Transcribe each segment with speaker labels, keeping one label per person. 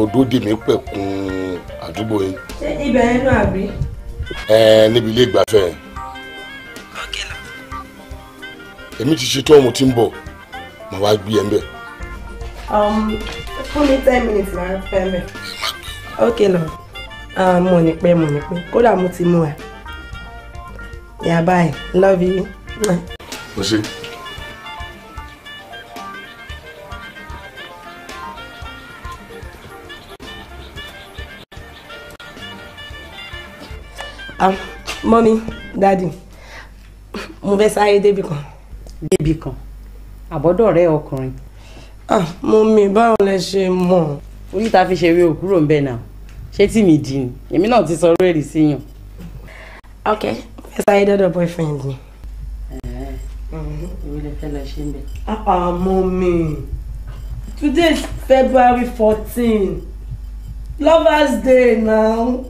Speaker 1: lọ dóde mi pẹ̀kun àdúgbò yín. ṣé ibẹ̀ yẹn náà àbí. ẹ níbi ilé ìgbafẹ́ èmi ti ṣe tán mo ti ń bọ̀ mà wá gbé ẹ ń bẹ̀. Um, fún mi ten minutes máa ń pẹ́ mẹ́. ok lọ ah, mo ní pẹ́ mo ní pẹ́ kódà mo ti mú ẹ. yà báyìí love you. o ṣe. ah mọ́mí dáàdì mo fẹ́ sáré débi kan. débi kan àbọ̀dọ̀ rẹ ọkùnrin. ah mọ́mí báwo lẹ ṣe mọ̀. orí ta fi ṣeré òkúrò ń bẹ̀ náà ṣé tí mi dì ní èmi náà ti sọ rẹ́ẹ̀rì sí yàn. ok mo fẹ́ sáré dọ́dọ̀ boyfriend mi. Mhm. èmi lè fẹ́ lọ ṣe ń bẹ̀. ah, ah mọ́mí today is February fourteen lovers day now.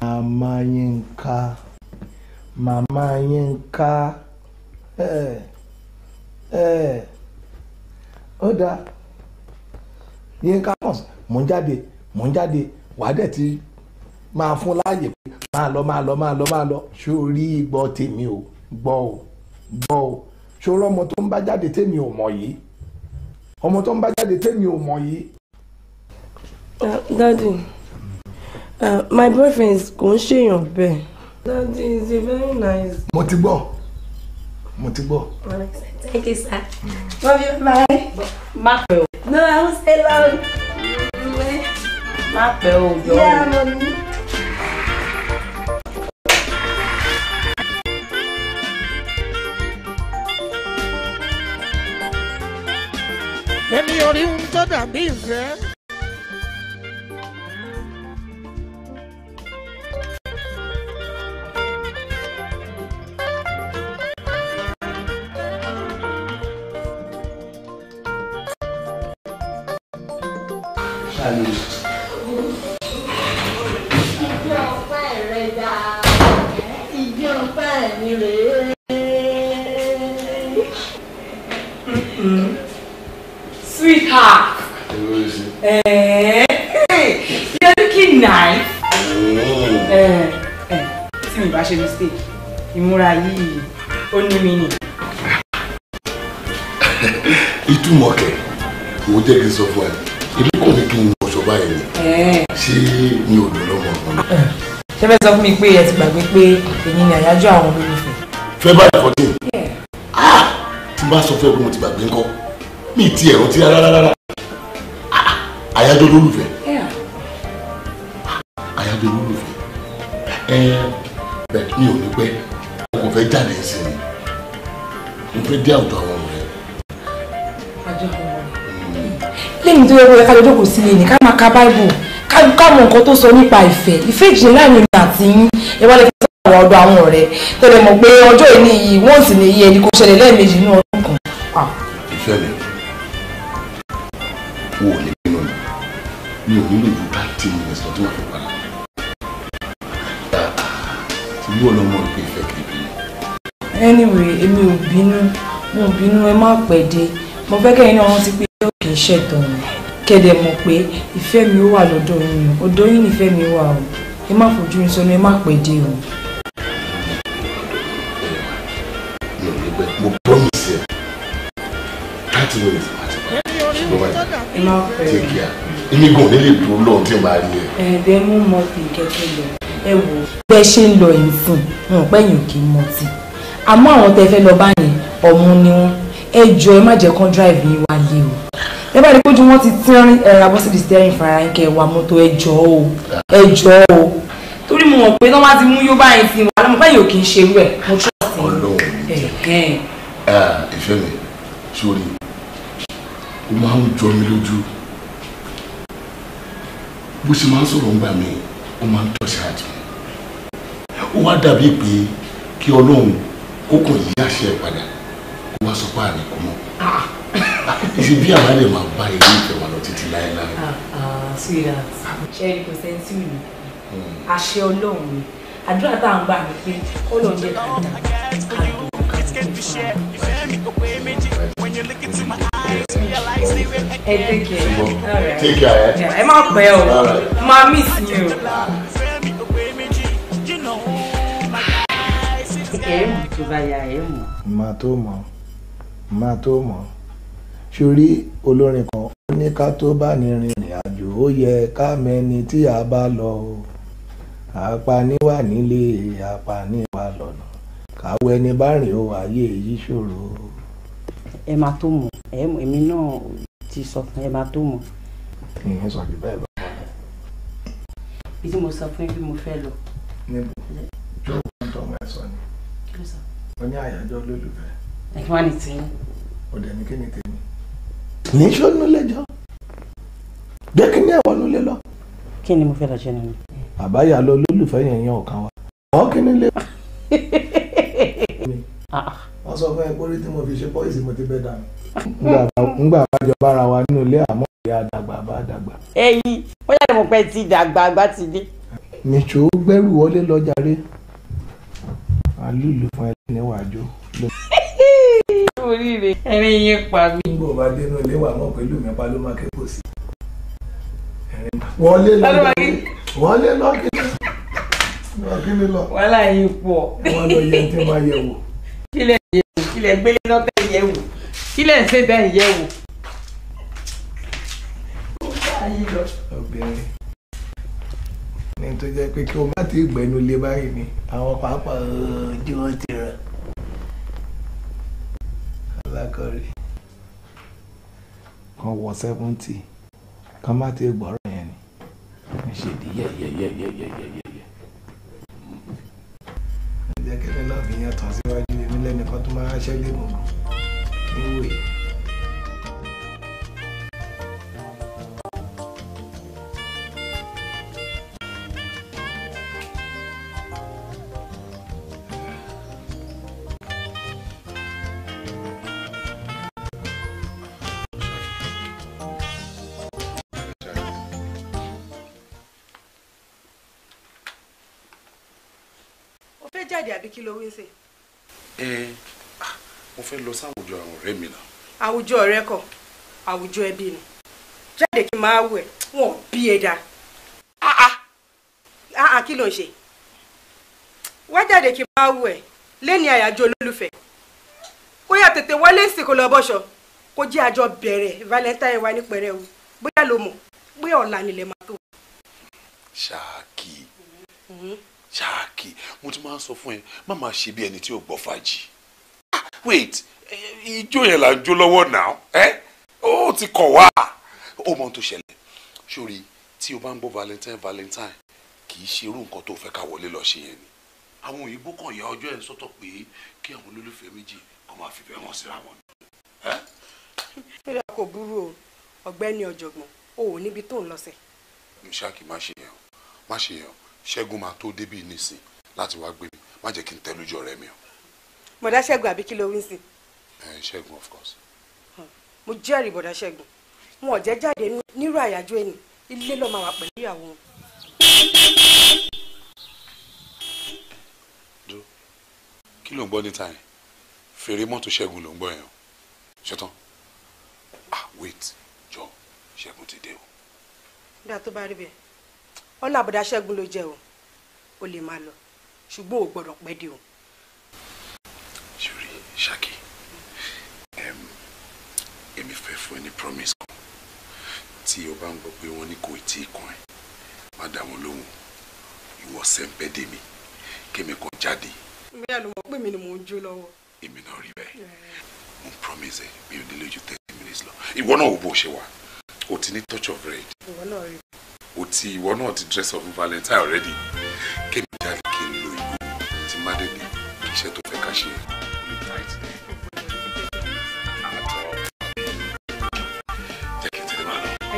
Speaker 1: Mama anyị nka mama anyị nka ee eh, ee eh. nka dáa mụjade mọ̀sán mò ń jáde mò ń jáde wàá ti máa fún láàyè lọ máa lọ máa lọ máa lọ sórí gbọ́ tèmi o gbọ́ o gbọ́ o ọmọ tó ń bá jáde tèmi ò yìí ọmọ tó ń bá jáde tèmi ò yìí daddy uh, my boyfriend is kò ń ṣèyàn bẹ́ẹ̀. daddy is a very nice. mo ti gbọ́ mo ti gbọ́. thank you sir. Mm. love you bye. má pẹ́ o. no i won't stay long. má pẹ́ o jọ. yeah mommy.
Speaker 2: èmi ò rí ohun tó
Speaker 1: dàbí ìfẹ́. lórí. sweetheart. Eh, eh, you're looking nice. Oh. Eh, eh, tí mi bá ṣe mistake, ìmúra yìí ó ní mi nì. Ìtumọ̀ kẹ̀, òun jẹ́ kí fẹ́ sọ fún mi pé ẹ ti gbàgbé pé èyí ni àyájọ́ àwọn olólùfẹ́. February fourteen ah tí n bá sọ fún ẹ pé mo ti gbàgbé ńkọ́ mi ti ẹ̀rọ ti rárá rárá ah! àyájọ́ olólùfẹ́ àyájọ́ olólùfẹ́ bẹ́ẹ̀ mi ò ní pẹ́ mo kò fẹ́ jáde ẹsẹ̀ mi mo fẹ́ dé àwùjọ àwọn ọmọ rẹ. Hmm. lẹ́yìn tó yẹ kó yẹ ká lọ jókòó sílé ká máa ka báíbù ká nǹkan tó sọ nípa ìfẹ́ ìfẹ́ ìjìnlẹ̀ láàrin ìgbà àti yín ẹ wá lè fi sọ àwọn ọ̀dọ̀ àwọn ọ̀rẹ́ tẹ́lẹ̀ mọ̀ pé ọjọ́ ìní yìí wọ́n sì ní iye ẹni kò ṣẹlẹ̀ lẹ́ẹ̀mejì ní ọdún kan. ìfẹ́ mi wò nínú mi mi ò nílò ju thirty minutes lọ tí wọ́n fi padà tí yóò lọ mọ ìpè ìfẹ́ kiri. anyway èmi ò bínú mi ò bínú ẹ má pẹ́ dé mo fẹ́ kẹ́yìn náà wọ́n ti pé ó kì í ṣètò mi kẹ́dẹ̀ mọ̀ pé ìfẹ́ mi wà lọ́dọ̀ yín o ọ̀dọ̀ yín nìfẹ́ mi wà o ẹ má fojú yín sọnù ẹ má pẹ́ dé o. mo promise you thirty minutes àti ẹ má dúró lọ́run tí màá rí ẹ. ẹ̀ẹ́dẹ́ mú mọ́tì kẹ́kẹ́ lọ ẹ wò ó. bẹ́ẹ̀ ṣe ń lọ yìí fún un pẹ́yìn òkè mọ́tì àmọ́ àwọn tẹ́ fẹ́ lọ bá yẹn ni wọ́n ẹ jọ ẹ má jẹ́ kán drive yín wá lé o ẹ bá rí pé ojú wọn ti tẹ́rín ẹ abọ́sídìí steering fara ń kẹ wa mọ́tò ẹjọ́ o ẹjọ́ o torí mo mọ̀ pé tó bá ti mú yóò báyìí sí wa lọ́mọ báyìí ò kì í ṣe rú ẹ̀ mo trust ẹ̀ ìfẹ́ mi sórí O máa ń jọ mi lójú bó ṣe máa ń sọ̀rọ̀ ńgbà mi ó máa ń tọ́sí àjẹ ó wá dàbí pé kí ọlọ́run kókò yí àṣẹ padà kó wá sọ pé àná kò ìṣe bí àwa lè máa bá ilé ìfẹ́ wa lọ títí láéláé. Ah, ah, sweetheart ṣẹ́yìn kò sẹ́ńtì mi àṣẹ ọlọ́run mi àdúrà tá à ń gbà mí pé kọ́lọ̀ jẹ́
Speaker 2: kàdá ẹ take care eh? ẹ má pẹ́ o máa miss mi o. ẹ mú
Speaker 1: tó bá ya ẹ mú. màá tó sórí olórin kan ó ní ká tó bá ní rìnrìn àjò ó yẹ ká mẹni tí a bá lọ o àpàní wà nílé àpàní wà lọ́nà káwọ́ ẹni bá rìn ó ayé yìí ṣòro. ẹ máa tó mọ̀ èmi náà ti sọ fún ẹ máa tó mọ̀. kì í sọ jù bẹ́ẹ̀ lọ. bí tí mo sọ fún bí mo fẹ́ lọ. níbo jó ohun tó máa sọ ni. ó ní àyájọ́ olólùfẹ́. ẹ kí ní tiyín. ọ̀dẹ̀ ni kí ni tèmi níṣó nulẹ̀ jọ jẹ́ kí ní ẹ̀wọ̀n nulẹ̀ lọ. kí ni mo fẹ́ lọ ṣe nínú. àbáyà lọ lólùfẹ́ yẹn yan ọ̀kan wa ọ̀ kí ni lè. Ah. wọ́n sọ fún ẹ pé orí tí mo fi ṣe pọ́ìsì mo ti bẹ́ dànù. ngbà bàjọ́ bára wa nínú ilé àmọ́ ìyá àdàgbà bá àdàgbà. ẹyin ó yàrá mo pẹ́ ti dàgbà àgbà ti dé. nìṣó gbẹ́rù wọlé lọ jàre àlùlù ẹ níwájú ló oríire ẹrin yín pa mí. nígbà bá dénú ilé wa mọ pẹ̀lú mi pa ló máa ké kò sí. wọlé lọ wọlé lọ kí lọ kí ni lọ. wàhálà yìí pọ̀. wọn lọ yẹ tí máa yẹ wò. kílẹ̀ yẹ wò kílẹ̀
Speaker 2: gbélé náà tẹ̀ yẹ wò kílẹ̀ ń ṣe bẹ́ẹ̀ yẹ wò.
Speaker 1: obìnrin ní tó jẹ́ pé kí o má ti gbẹ́nu lé báyìí ni
Speaker 2: àwọn pàápàá ọjọ́ ti rẹ̀ lákọ̀rí
Speaker 1: kan wọ sẹ́fúntì kan má ti gbọ́rọ̀ yẹn ni ń ṣe di
Speaker 2: yẹ́yẹ́yẹ́yẹ́yẹ́yẹ́.
Speaker 1: ǹjẹ́ kẹ́lẹ́ náà fi yan tàn síwájú èmi lẹ́nìkan tó máa ṣẹ́gbẹ́
Speaker 2: gbọ̀ngàn níwèé.
Speaker 1: fẹ́ jáde àbí kí ló wí sí. ẹ ah, mo fẹ́ lọ sáwùjọ àwọn ọ̀rẹ́ mi náà. àwùjọ ọ̀rẹ́ kọ́ àwùjọ ẹbí ni jáde kí n máa wẹ̀ wọ́n bí ẹ dá àà ah, ah, kí ló ń ṣe wá jáde kí n máa wẹ̀ lẹ́ni àyájọ́ olólùfẹ́ kó yà tètè wọlé ìsìnkú lọ bọ́ṣọ kó jẹ́ àjọ bẹ̀rẹ̀ valentine wa ní pẹ̀rẹ́wu bóyá ló mọ̀ bóyá ọ̀la nílẹ̀ máa tó. ṣáàkì mm-hmm ṣáàkì mo ti máa ń sọ fún ẹ má máa ṣe bí ẹni tí ò gbọ́ fàájì. Ah, wait ijó yẹn là ń jó lọ́wọ́ náà ẹ ó ti kọ̀ wá ó mọ ohun tó ṣẹlẹ̀ sórí tí o bá ń gbọ́ valentine valentine kì í ṣe irú nǹkan tó fẹ́ ká wọlé lọ ṣe yẹn ni. àwọn òyìnbó kan ya ọjọ́ ẹ̀ sọ́tọ̀ pé kí àwọn olólùfẹ́ méjì kó máa fi bẹ́ẹ̀ wọ́n síra wọn. ó kò burú o ọ̀gbẹ́ni ọ̀jọ̀gbọ́n o ò níbi tó ń lọ sẹ̀. ṣáàkì má ṣẹ́gun máa tó débì nísìn láti wá gbé mi má jẹ́ kí n tẹ́lú jọ rẹ mi o. bọ̀dá ṣẹ́gun àbí kí ló wí sí. ṣẹ́gun of course. Hmm. mo jẹ́rìí bọ̀dá ṣẹ́gun wọn ò jẹ́ jáde nírú àyájọ́ ẹni ilé lọ́ọ́ máa wà pẹ̀lú ìyàwó wọn. dúró kí ló ń gbọ́ níta yẹn fèrè mọ́tò ṣẹ́gun ló ń gbọ́ yẹn o ṣetán ah wait jọ ṣẹ́gun ti dé o. bí tó bá rí bẹ́ẹ̀ ọlá àbọ̀dá ṣẹ́gun ló jẹ́ o ó lè máa lọ ṣùgbọ́n ò gbọ́dọ̀ pẹ́ dé o. sori Ṣaki èmi fẹ́ fún ẹ ní promise kan tí o bá ń gbọ́ pé wọ́n ní kò tí ì kàn ẹ́ má dá wọn lóhùn ìwọ sẹ́ńpẹ́ dé mi kémi kan jáde. mi àlọ́ mọ̀ pé mi ni mò ń jó lọ́wọ́. èmi náà rí bẹ́ẹ̀ mo promise ẹ mi ò nílò ju thirty minutes lọ ìwọ náà ò bó ṣe wà o ti ní touch of red. ìwọ náà rí bẹ́ẹ̀ tí ìwọ náà ti dress up valentine already kémi jáde kí n lo ìgò tí má dédé kí iṣẹ́ tó fẹ́ ká ṣe.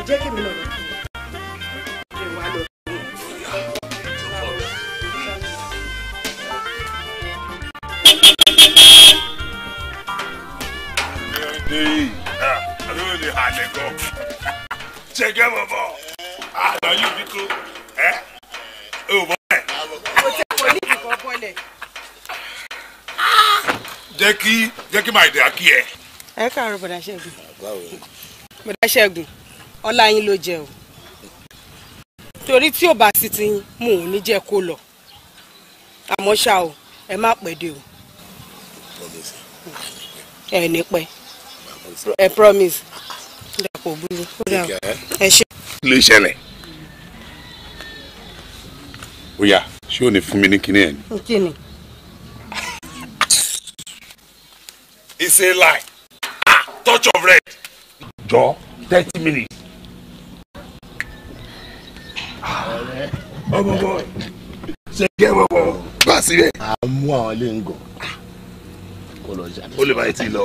Speaker 1: jẹ́ kí mi lọ lọ. akínmá ìdè akí ẹ. ẹ káàárọ̀ bọ̀dá ṣẹ́gun bọ̀dá ṣẹ́gun ọlá yín ló jẹ o torí tí ò bá sí ti yín mò ń ní jẹ kó lọ àmọ́ ṣá o ẹ má pẹ́ dé o ẹ ní pẹ́ ẹ promise dàpọ̀ burú ó dà ẹ ṣe. ilé ìṣẹ̀lẹ̀ ó yá ṣé ò ní fún mi ní kinní ẹ̀ ni. is a lie ah touch of red jọ thirty minutes. Ah, ọmọ bọ ṣe kí ẹ bọ bọ bá sílẹ̀. a mú àwọn ilé ń gọ kó lọ jà. ó lè bá ti lọ.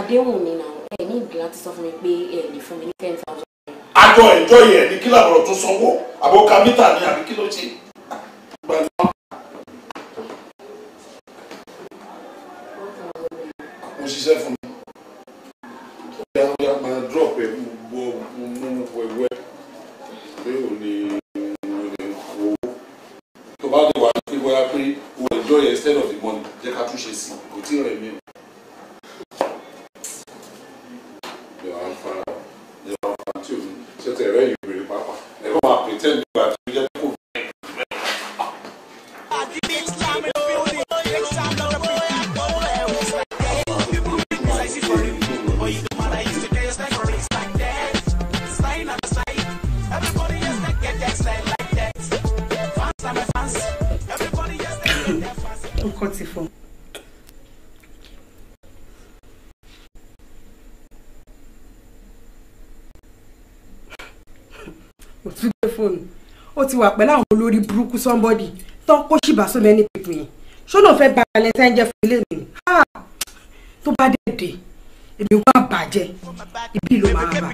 Speaker 1: àdéhùn ni nà ẹ ní ìdí láti sọ fún mi pé ẹ lè fún mi ní ten thousand. àjọ ìjọ yẹn ni kí làwọn ọ̀rọ̀ tó sanwó àbókà ni àbí kí ló ṣe. wà pẹ̀lú àwọn olórí burúkú somebody tán kó ṣìbà so many people yẹn ṣọ́nà fẹ́ ba valentine jẹ́ fún ilé mi tó bá dẹ̀dẹ̀ èmi wá bàjẹ́ ibi
Speaker 2: ló máa bà.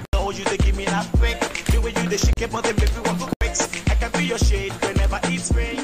Speaker 2: I can feel your shade whenever it's rain.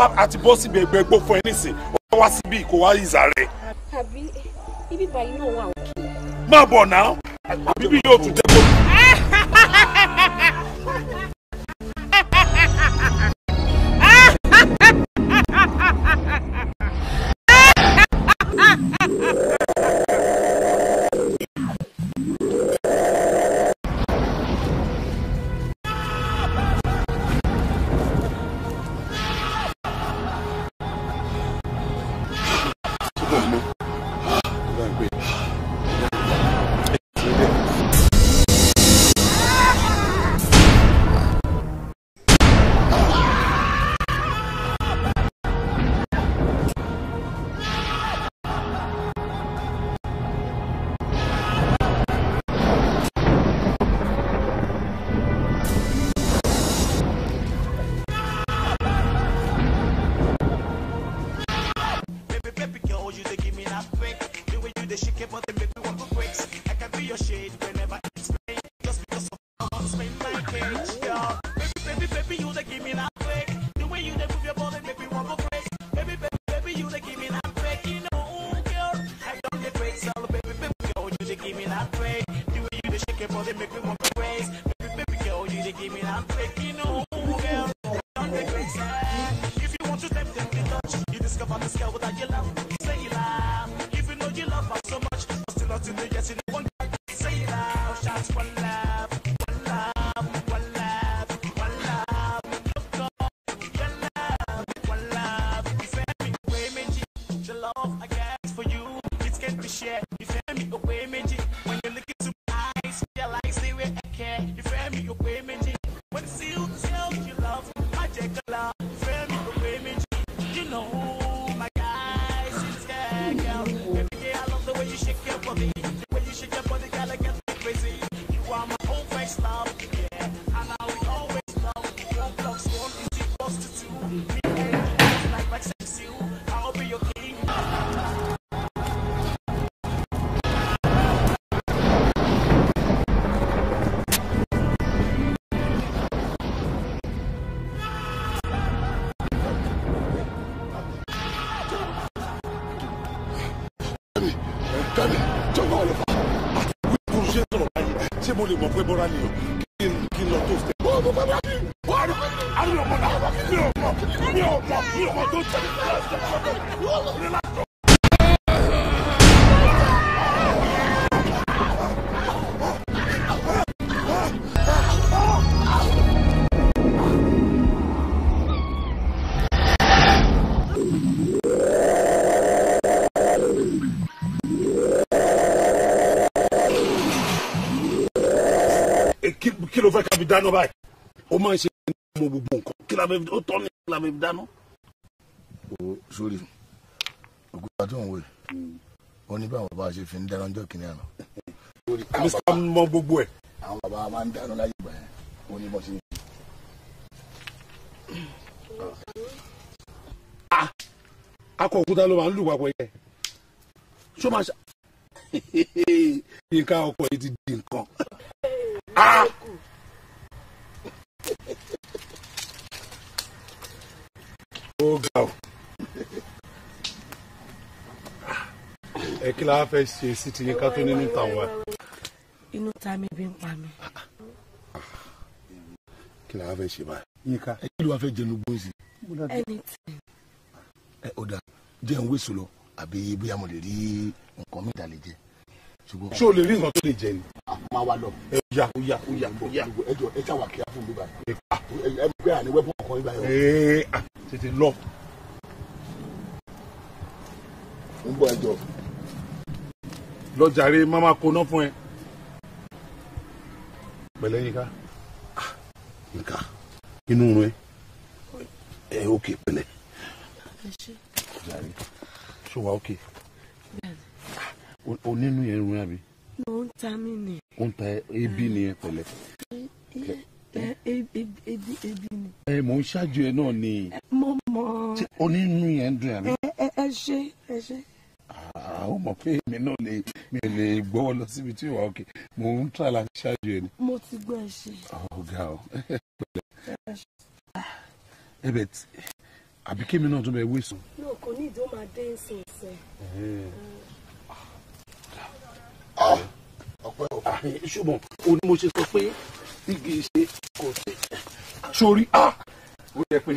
Speaker 1: wá àti bọ́ síbi ẹgbẹ́ gbó fún ẹ nísìn ó wá síbi kò wá ìzà rẹ. àbí bíbí báyìí náà wà òkè. má bọ̀ náà àbíbí yóò tún jẹ́ ṣé mo lè mọ̀ pé bọ́ra nìyàn kí n lọ tó ṣe. wọ́n mọ̀ bàbá mi wọ́n rí ọmọ náà mi ò mọ̀ mi ò mọ̀ mi ò tó ṣe. dáná báyìí ó máa ń ṣe mọ gbogbo nǹkan kí la bẹ́ẹ̀ tọ́ ní kí la bẹ́ẹ̀ dáná. o sori ògùnbà tó ń wò yìí ó ní báwọn bá ṣe fi ń dáná ọjọ́ kìnìún mr mọ gbogbo ẹ. àwọn bàbá máa ń dáná láyé ìgbà yẹn ó ní bọ́sí. Ah! akọ òkúta ló máa ń lù papọ̀ yẹ ṣó máa ṣe. nǹkan ọkọ̀ yìí ti di nǹkan. Ah! ó ga o ẹ kí la fẹ́ ṣe sí ti yín ká tó nínú tàwa. inú ta mi bí ń pa mi. kí la fẹ́ ṣe báyìí. yíká ẹ kí ló wá fẹ́ jẹnu gbóǹsì. anything. ẹ o da. ń wéṣọ lọ àbí bóyá mo lè rí nǹkan mi ìdálẹ́jẹ́ ṣé o lè rí nǹkan tó lè jẹ ni. máa wá lọ. ẹ ya o ya o ya o ya. ẹjọ ẹ ṣáà wà kí á fún mi báyìí. ẹ gbé àní wẹ́pọ̀ kan yín báyìí. ee tètè lọ. ń bọ ẹjọ. lọ́jàre máma koná fún ẹ. pẹ̀lẹ́ yín ká. Ah, nǹka inú rẹ ẹ ókè pẹ̀lẹ́. ṣé wàá ókè. bẹ́ẹ̀ o nínú yẹn rún àbí. mo ń ta mí ni. o ń ta ebi nìyẹn pẹ̀lẹ́. ebi ẹ mò ń ṣáájú ẹ náà ni. mo mọ. o nínú yẹn dùn àbí. ẹ ẹ ṣe ẹ ṣe ah, ó mọ̀ pé èmi náà lè mi lè gbọ́ lọ síbi tí ìwà òkè mò ń tà láti ṣáájú ẹni. mo ti gbọ́ ẹ ṣe. Ah, ọ̀gá o pẹ̀lẹ́. ẹbẹ̀ ah, àbí kémi náà tún bẹ wé sùn. náà kò ní ìdó máa dé nsìn sẹ́. Eh ọpẹ́ o. Ah, ṣùgbọ́n o ní mo ṣe sọ pé igi ṣe kò ṣe sórí a ah, ó yẹ pé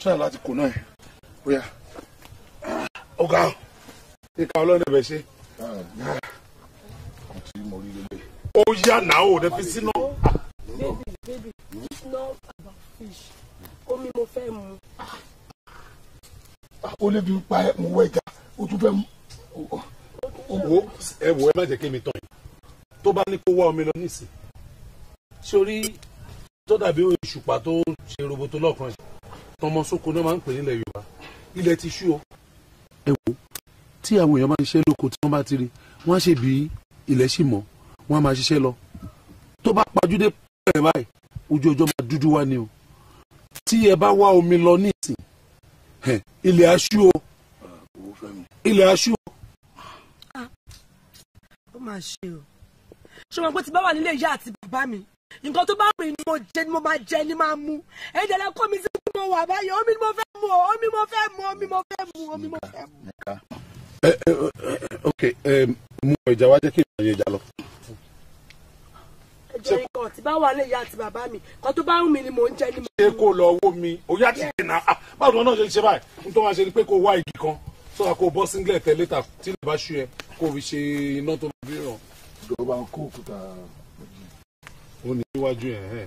Speaker 1: tíra láti kò náà ó yà ah, ọ̀gá ìka ọlọ́run ẹ̀bẹ̀ ṣe. ó yà náà ò dẹ́fi sínú. baby baby it's not about fish omi mo fẹ́ mu. ó lè fi pa ẹ̀ mú wẹ̀jà ó tún fẹ́ mu wo ẹ wo ẹ má jẹ́ kí mi tán yìí tó bá ní kó wá omi lọ nísìn sórí tó dàbí òṣùpá tó ṣe roboto lọ́ọ̀kan yìí tọmọ sóko náà máa ń pè nílẹ̀ Yorùbá ilẹ̀ ti ṣú o. ẹ wo tí àwọn èèyàn máa ń ṣiṣẹ́ lóko tí wọ́n bá ti rí wọ́n á ṣe bí ilẹ̀ ṣì mọ́ wọ́n á máa ṣiṣẹ́ lọ tó bá pajúdé pẹ̀rẹ̀ báyìí ojú ọjọ́ máa dúdú wá ni o tí ẹ bá wá omi lọ nísìn ilẹ̀ aṣú o ah, ilẹ̀ aṣú o máa ṣe o ṣé wọn pé ti bá wà nílé ìyá àti bàbá mi nǹkan tó bá rìn ni mo jẹ ni mo máa jẹ ni máa mu ẹ̀jẹ̀ la kó mi sí kí mo wà báyìí omi ni mo fẹ́ mu omi mo fẹ́ mu omi mo fẹ́ mu omi mo fẹ́ mu. ok mu ẹja wa jẹ kí ìrìn àyè ìjà lọ. ẹ̀jẹ̀ nǹkan tí bá wà nílé ìyá àti bàbá mi nǹkan tó bá rìn mi ni mo ń jẹ ni mo. ṣé kó lọ owó mi òyà ti dènà báwo ni wọn náà ṣe ń ṣe báyìí nítorí wọn ṣe ni pé kó wá igi kan tó a kó bọ́ singlet ẹ létà tí lè bá ṣú ẹ kó fi ṣe iná tó bí ràn. ìjọba ń kó òkúta. ó ní iwájú ẹ̀.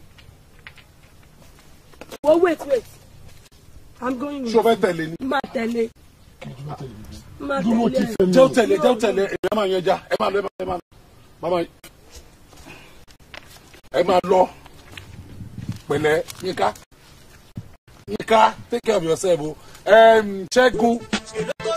Speaker 1: wọ́n wait wait i'm going with you. ṣọfẹ́ tẹ̀lé ni. má tẹ̀lé. dúró ti fẹ́ mi. jẹ́ tẹ̀lé jẹ́ tẹ̀lé ẹ máa yan ja ẹ máa lọ ẹ máa lọ mama ẹ máa lọ pẹ̀lẹ́ Yínká Yínká take care of yourself o um,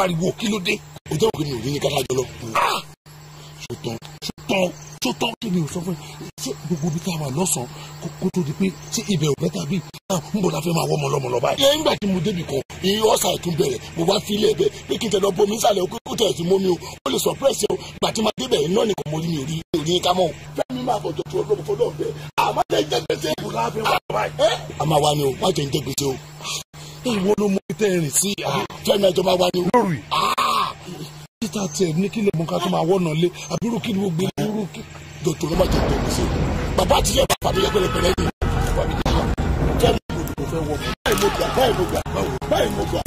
Speaker 1: pariwo kí ló dé ah! o jẹ́ òkè mi ò ní ní lọ. sọtàn sọtàn sọtàn kí mi ò sọ fún gbogbo bí tá a wà lọ́sàn-án kó tó di pé ṣé ibẹ̀ ò bẹ́tà ah, n bò la fẹ́ máa wọ́ ọmọ lọ́mọ lọ́ba yìí. nígbà tí débi kan iye ọ̀sà ìtún bẹ̀rẹ̀ mo wá fi ilé ẹ̀ bẹ́ẹ̀ pé kí n tẹ̀lé ọbọ mi sàlẹ̀ òkú kó tẹ̀sí mọ́ o ó lè o gbà tí ma débẹ̀ iná nìkan mo rí mi ò rí mi ò rí ká mọ́ o. fẹ́mi máa fọ̀tọ̀ tó ọlọ́mọ fọlọ́ bẹ́ẹ̀ àmọ́ tẹ̀ ń jẹ́ gbèsè. Ah, a máa wá ni o má jẹ́ ń jẹ́ gbèsè o ìwọ ló mú tẹ ẹrìn sí fẹmi ẹjọ máa wá lórí ah. títà tẹ ní kí lè mú ká tó máa wọ̀nà lé àbúrò kí ni gbogbo ìlú kí dọ̀tò ló má jẹ tó ní sí. bàbá àti ìyá bàbá mi yẹ pẹ̀lẹ́pẹ̀lẹ́ yìí báyìí mo gbà báyìí mo gbà báyìí mo gbà.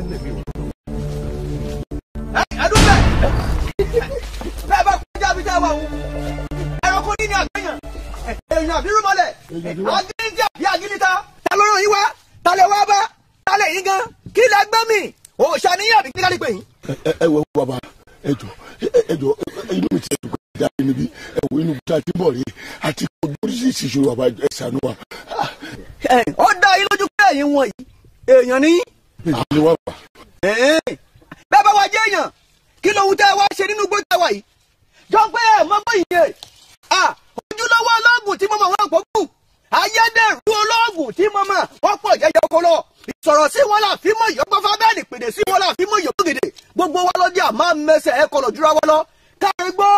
Speaker 1: ṣe ń lè mi wò. ẹdún bẹ́ẹ̀ bẹ́ẹ̀ bá kọjá bí tá a wà wò
Speaker 2: ẹranko ní ní àgbẹ̀yàn èèyàn àbí rúmọlẹ̀ agídíjà bí agídíta ta ló ràn yín wá ta lè wá bá ta lè yín gan kí lè gbọ́ mi òòṣà
Speaker 1: níyà bí kí ká lè pè yín. ẹ ẹ wọ bàbá ẹ jọ ẹ jọ inú mi ti ẹ dùn kọjá níbi ẹ wọ inú tá a ti bọ̀ rí àti ojú oríṣiríṣi ìṣòro bàbá ẹ ṣàánú wa. ó dá yín lójú pé wọ̀nyí èèyàn ní bẹ́ẹ̀ bá wá jẹ́ èèyàn kí lóhun tẹ́ wá ṣe nínú gbọ́dọ̀ wà yìí jọ pé ẹ̀ mọ́ bọ́ ìyẹn ojúlówó ọlọ́ọ̀gùn tí mo mọ̀ wọ́n pọ̀ kù ayédèrú ọlọ́ọ̀gùn tí mo mọ̀ wọ́n pọ̀ jẹjẹ kọlọ ìsọ̀rọ̀ sí wọn là fímọ̀ ìyọ́gbọ́fá bẹ́ẹ̀ ni pèdè sí wọn là fímọ̀ ìyọ́gbọ́gèdè gbogbo wa lọ́jà máa ń mẹsẹ̀ ẹ̀ kọlọ̀ jura wọn lọ káre gbọ́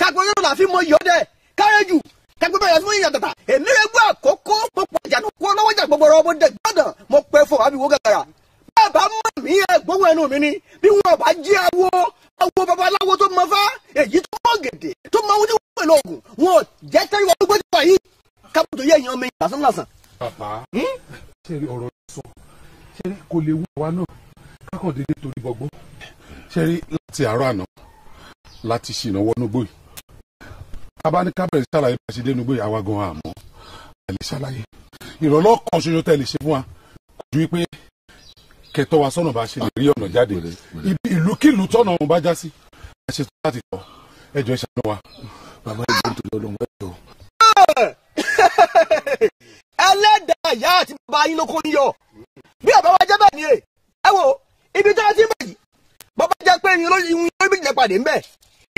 Speaker 1: kagbọ́yọ̀ bẹ́ẹ̀ bá mọ̀ mí ẹ gbowó ẹnu mi ni bí wọn bá jẹ́ awo awo babaláwo tó mọ fá èyí tó mọ gèdè tó mọ wọn ní wọn pẹ̀lú oògùn wọn ò jẹ́ tẹ́lẹ̀ wọn gbé tó yìí kábùtò yẹ èèyàn mi lásán lásán. bàbá hmm? ṣe ọ̀rọ̀ sọ ṣe kò lè wú wa náà kákan dédé torí gbọgbọ́ ṣe rí láti àárọ̀ àná láti ṣìnàwọ́ nógbó yìí abá ní kábẹ̀rẹ̀ ṣàlàyé bá ṣe dénú gbé àwa gan àmọ́ ẹ lè ṣàlàyé kan ṣoṣo tẹ́ lè ṣe fún wa kò ju pé kẹtọ́ wa sọ́nà bá ṣe lè rí ọ̀nà jáde ìlúkìlú tọ́nà òun bá já sí a ṣe tó láti tọ́ ẹjọ́ ìṣàánú wa. bàbá ìjọ nítorí ọlọ́run ẹjọ́. ẹlẹ́dàá ìyá àti bàbá yín ló kó ń yọ bí ọ̀bá wa jẹ́ bẹ́ẹ̀ ni ẹ e. ẹ wo ibi tí wọ́n ti ń bẹ̀ yìí bàbá jẹ́ pé ìyún olóyún méje pàdé ńbẹ̀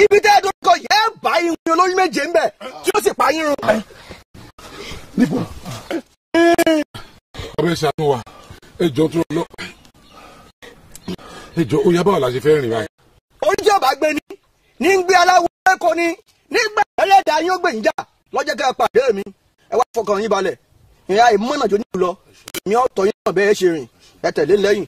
Speaker 1: ibi tẹ́ ẹ tó kọ yẹ bá ìyún olóyún méje ńbẹ̀ tí ó sì pa yín run. níbo ọbẹ̀ ìṣàánú wa ẹjọ́ tó lọ. ìjọ oyè báwo la ṣe fẹ́ rìn báyìí. oníjọba gbé ni ní gbé aláwọ̀ ẹ̀kọ́ ni nígbà ẹlẹ́dàá yín ó gbè ń ẹ pàdé mi ẹ fọkàn yín balẹ̀ ìyá ìmọ̀nà ní lọ mi ọ̀tọ̀ yín náà rìn ẹ tẹ̀lé lẹ́yìn.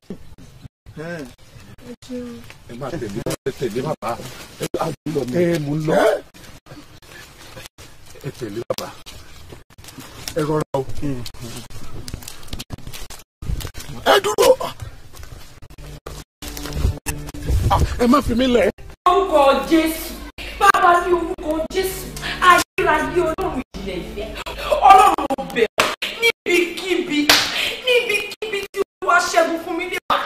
Speaker 1: ẹ má fi mí lẹ̀. orúkọ jésù bàbá ní orúkọ jésù ayérayé ọlọ́run ìjìnlẹ̀ ìfẹ́ ọlọ́run ò bẹ̀ níbikíbi níbikíbi tí wọ́n wá ṣẹ́gun fún mi lé wa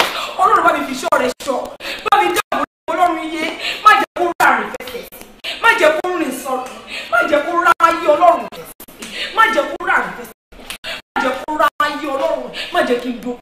Speaker 1: ọlọ́run bá mi fi ṣọ́ rẹ̀ ṣọ́ bá mi dáàbò bo ọlọ́run yé má jẹ́ kó rárín fẹsẹ̀ má jẹ́ kó rìn sọ̀rọ̀ má jẹ́ kó ráyé ọlọ́run fẹsẹ̀ má jẹ́ kó rárín fẹsẹ̀ má jẹ́ kó ráyé ọlọ́run má jẹ́ kí n dókò.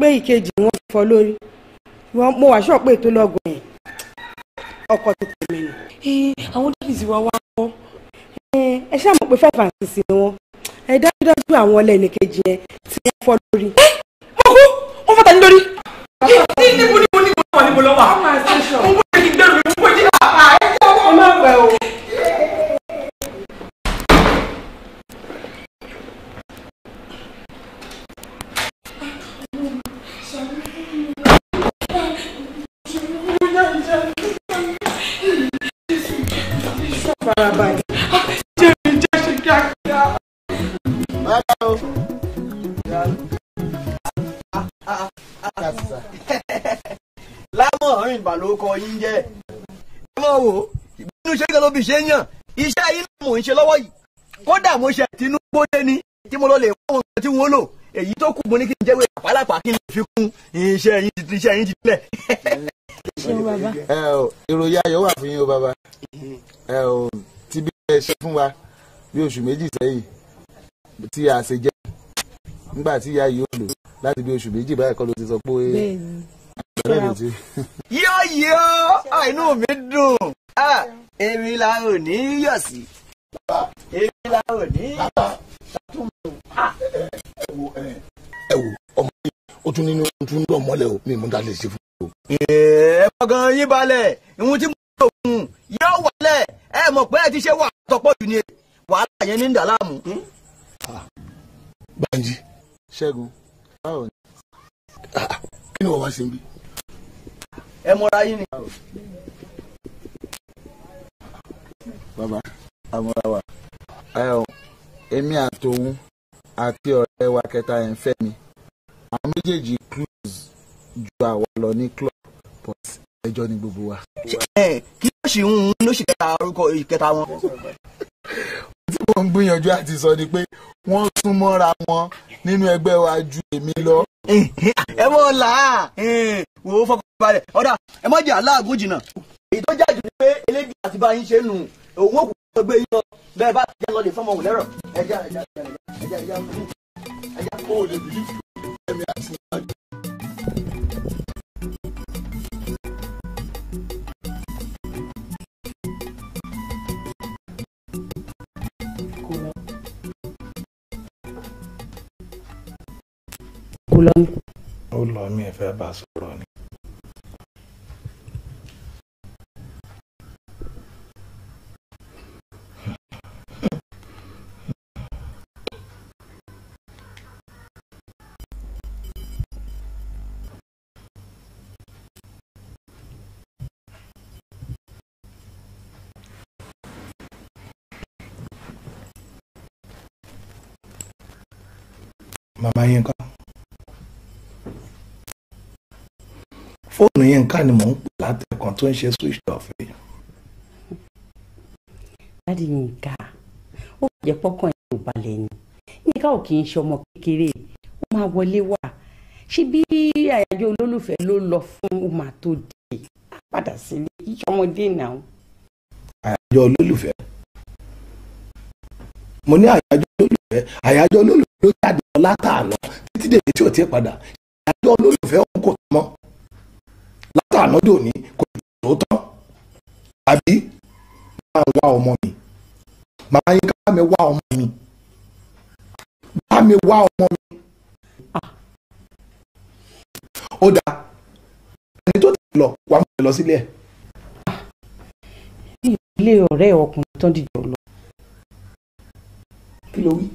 Speaker 1: pé ìkejì wọn fọ́ lórí mo wà ṣọ́ọ̀pù ètò lọ́gùn yẹn ọkọ̀ ti tèmi nù. àwọn dábìs wa wá kọ́. ẹ ṣáà mọ̀ pé five and six ni wọ́n ẹ dájúdájú àwọn ọlẹ́nìkejì yẹn ti fọ́ lórí. orúkọ yín jẹ́ ẹ máa wò bínú ṣe kí ló fi ṣe ń yàn iṣẹ́ yìí ni mò ń ṣe lọ́wọ́ yìí kódà mo ṣe Tinubu dé ni tí mo lọ lè wọ́n nǹkan tí wọ́n lò èyí tó kù mo ní kí n jẹ́wé àpálápàá kí n lè fi kún iṣẹ́ yín ti iṣẹ́ yín ti dílẹ̀. ìròyìn ayọ̀ wà fún yín o bàbá ti bí ẹ ṣe fún wa bí oṣù méjì sẹ́yìn tí a ṣe jẹ́ nígbà tí ìyá yìí ó lò láti bí oṣù méjì báyìí kọ́ ló ti sọ pé
Speaker 2: yọ̀yọ̀ inú mi dùn èmi la ò ní yọ̀ sí
Speaker 1: èmi la ò ní yọ̀ sí. ẹ wo ọmọ yìí ó tún nínú tún dùn mọ́lẹ̀ o mi mú dá ṣe fún o. ẹ gbọ́ngàn yín balẹ̀ ìhun tí mo ń lò fún un yóò wọlé ẹ mọ̀ pé ẹ ti ṣe wàhálà tọ́pọ̀ jù ni wàhálà yẹn ní dàlámù. Hm? Ah, Bánjí Ṣẹ́gun báwo ni. Ah, kí ni wọ́n wá ṣe ń bí. ẹ mọra yín ni. bàbá àmọ́ra wa èmi àtòun àti ọ̀rẹ́ wa kẹta ẹ̀ ń fẹ́ mi àwọn méjèèjì cruise ju àwa lọ ní club but ẹjọ́ ni gbogbo wa. kí ló ṣì ń ló ṣì kẹta orúkọ ìkẹta wọn. tí mo ń gbìyànjú àti sọ ni pé wọ́n sún mọ́ra wọn nínú ẹgbẹ́ wa ju èmi lọ ẹ mọ̀ là á wò ó fọkànbalẹ̀ ọ̀dà ẹ mọ̀ jẹ́ aláàgùn jìnnà. ìtọ́jà jù ní pé eléjì àti bá yín ṣe nù òun òkú tó gbé yín lọ bẹ́ẹ̀ bá jẹ́ lọ lè fọ́mọ òun lẹ́rọ̀ ẹja ẹja ẹja ẹja ẹja ẹja kó o lè bìlí ẹ̀mí àti ìrìnàjò. lọ ni. ó lọ mí ẹ fẹ́ bá sọ̀rọ̀ ni.
Speaker 2: Mama Yinka.
Speaker 1: yínká ni mò ń pè látẹ̀kan tó ń ṣe switch off yìí. láti yínká ó jẹ́ pọ́kàn ẹ̀ ò balẹ̀ ni yínká ò kì í ṣe ọmọ kékeré ó máa wọlé wá ṣé bí àyájọ́ olólùfẹ́ ló lọ fún ó máa tó dé á padà sílé iṣẹ́ ọmọdé náà. àyájọ́ olólùfẹ́ mo ní àyájọ́ olólùfẹ́ àyájọ́ olólùfẹ́ ló jáde lọ látàánà títí dèjì tí ò ti padà àyájọ́ olólùfẹ́ ọkọ̀ mọ́ látànádò ní kò tó tán àbí máa wá ọmọ mi màmá yín ká mi wá ọmọ mi bá mi wá ọmọ mi ó dáa ẹni tó ti lọ wà mú mi lọ sílé ẹ̀. ilé ọ̀rẹ́ ọkùnrin tán dìjọ lọ. kí ló wí.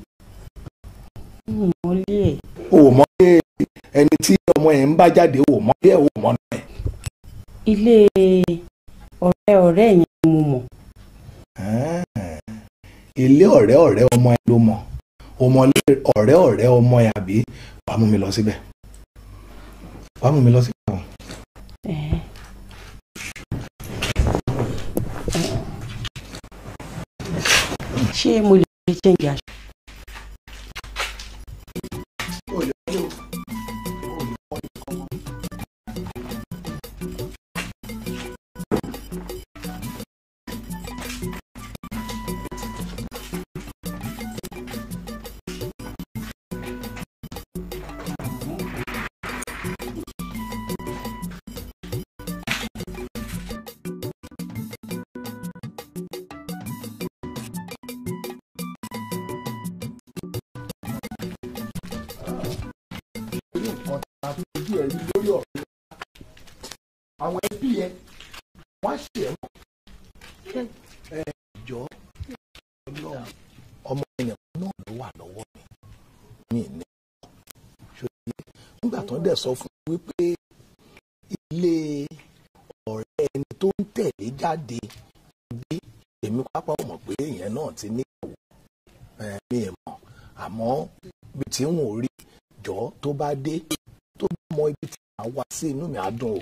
Speaker 1: o ò mọ ilé ẹ̀ ẹni tí ọmọ yẹn ń bá jáde o ò mọ ilé ẹ̀ o ò mọ ilé ọ̀rẹ́ ọ̀rẹ́ yẹn ni mo mọ̀. ilé ọ̀rẹ́ ọ̀rẹ́ ọmọ ẹ ló mọ ọmọ ọ̀rẹ́ ọ̀rẹ́ ọmọ ẹ àbí wàá mú mi lọ síbẹ̀ wàá mú mi lọ síbẹ̀ o. ṣé mo lè ṣe change aṣọ. àwọn ẹbí yẹn wọ́n á ṣe ẹ̀wọ̀n ẹ jọ Ọlọ́run ọmọ ènìyàn náà ló wà lọ́wọ́ mi ní ṣòye nígbà tó ń dẹ̀ sọ fún mi wípé ilé ọ̀rẹ́ ẹni tó ń tẹ̀lé jáde bí èmi pápá mọ̀ pé ìyẹn náà ti níyàwó mi ì mọ̀ àmọ́ ibi tí n ò rí jọ tó bá dé tó bá mọ ibi tí màá wá sí inú mi á dùn o.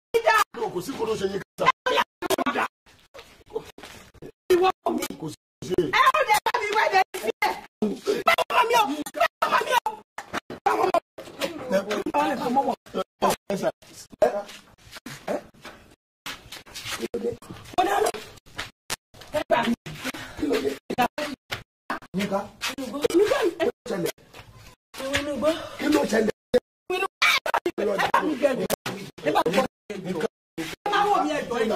Speaker 1: kò sí kó ṣe yé kásá. ìwọ mi kò sí kó ṣe. ẹ ó dé bá mi wá dé sí ẹ báwo ma mi ò báwo ma mi ò báwo ma mi ò. Kí ló ṣẹlẹ̀? Kí ló ṣẹlẹ̀? yìí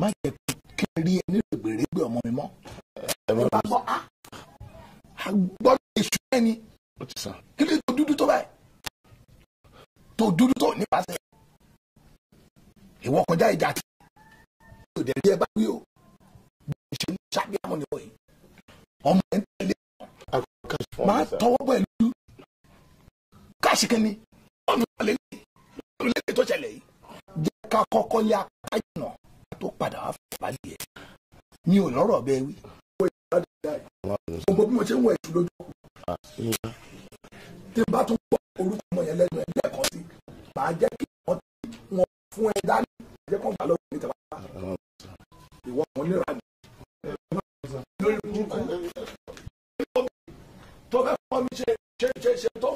Speaker 1: má jẹ́ kí n rí ẹ nílò gbèrègbè ọmọ mi mọ́. tó dúdú tó nípasẹ̀ ìwọ kọjá ìjà tí o dẹ̀ rí ẹ bá wí o bí o ṣe ń ṣáàbí àwọn ìwọ yìí ọmọ ẹ ń tẹ̀lé máa tọwọ́ pẹ̀lú káàsì kan ni ọ̀nà ìwọlé lórílẹ̀ tó ṣẹlẹ̀ yìí jẹ́ ká kọ́kọ́ yá káyọ̀nà tó padà wá fàlẹ́ yẹ mi ò lọ́rọ̀ bẹ́ẹ̀ wí. gbogbo bí mo ṣe ń wọ ìṣúlójú tí n bá tún gbọ́ orúkọ ọmọ bá jẹ́ kí wọ́n ti wọ́n fún ẹ dání jẹ́ kó gbà lọ́wọ́ ní tẹ̀wá. ìwọ àwọn onírànjú. lórí burúkú tó fẹ́ fọ́ mi ṣe ṣe ṣe ṣe tó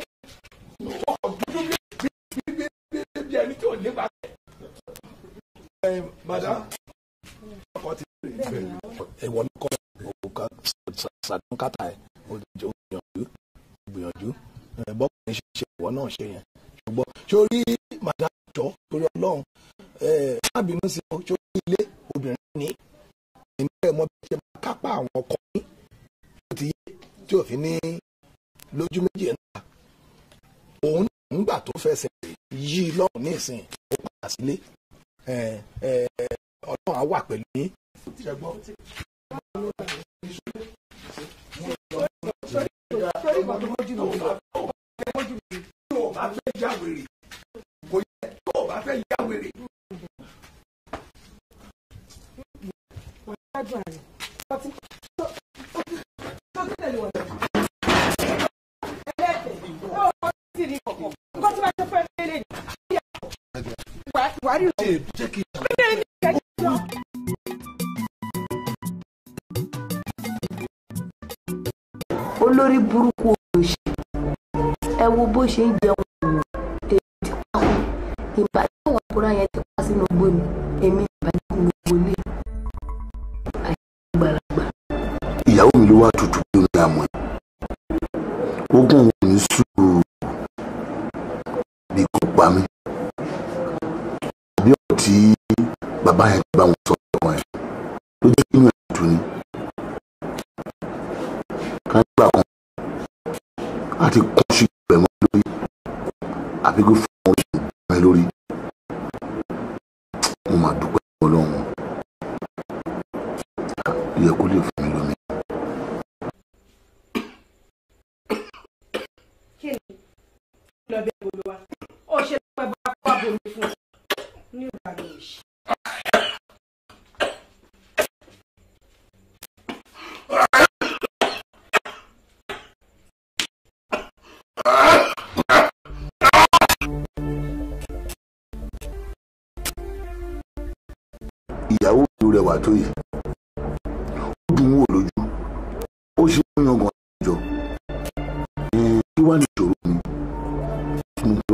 Speaker 1: wọ́n dúdú bí bí bí bí ẹni tí ò nípa madam ọkọ ti bẹ̀rẹ̀ ẹwọ ní kọ òkà sàdúnkàtà ẹ ó gbìyànjú gbìyànjú bọkùnrin ṣe ìwọ náà ṣe yẹn gbọ́ sórí màdá jọ torí ọlọ́run má bínú sí ọ sórí ilé obìnrin ní èmi rẹ̀ bí ṣe máa kápá àwọn ọkọ ní tó ti yé tí ò fi ní lójú méjì náà òun nígbà tó fẹsẹ̀ yí lọ́rùn ní ìsìn ó padà sílé ọlọ́run á wà pẹ̀lú yín. Sorry, but I'm not doing bá fẹ́ yáwèrè kò yẹ tó o bá fẹ́ yáwèrè. Jẹ́ olórí burúkú òṣì ẹ wo bó ṣe ń jẹun olúwa tutù lórí amọ̀ ogun wo ní sùúrù bí kò pa mí àbí ọ̀rọ̀ tí bàbá yẹn ti bá wọn sọ ọmọ yẹn ló jẹ́ kí inú ẹ̀ dùn ní. ká nígbà kan láti kún sí ìgbẹ̀mọ́ lórí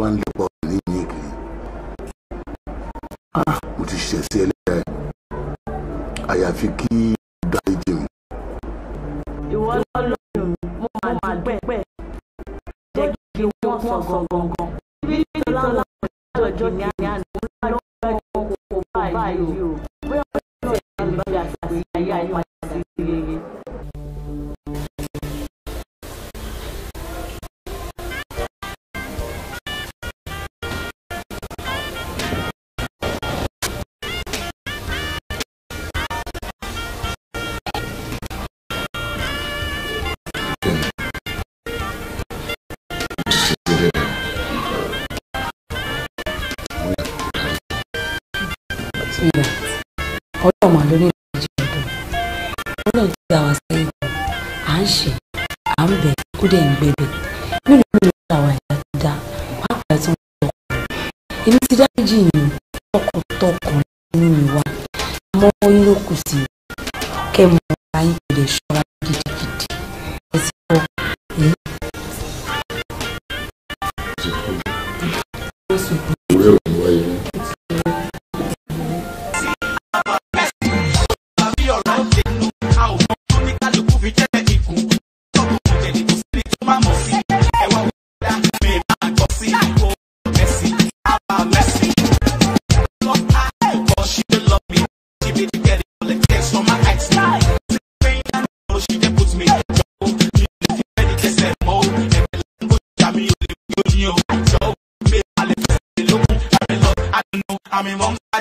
Speaker 1: wá ń lọ́pọ̀ ní yìnyín kiri ah, mo ti ṣẹ̀ sí ẹlẹ́yà ẹ̀ àyàfi kí dáríjì mi. ìwọ lọ́lọ́ mo máa dúpẹ́ jẹ́ kí wọ́n sọ gangan bíbélì tó lọ́wọ́ ọjọ́ kìíní àná ló ń bá ọkọ̀ báyìí o. mà lórí ìdíje ọdún ọlọ́run ti gbà wá sẹ́yìn à ń ṣe à ń bẹ̀ ó dẹ̀ ń gbébẹ̀ mélòó mélòó àwọn ìyá tó dá pàápàá tí wọ́n lọ kọ́ èmi ti dáríjì yìí tọkàntọkàn nínú mi wá inú kù sí kẹ́ mi mom.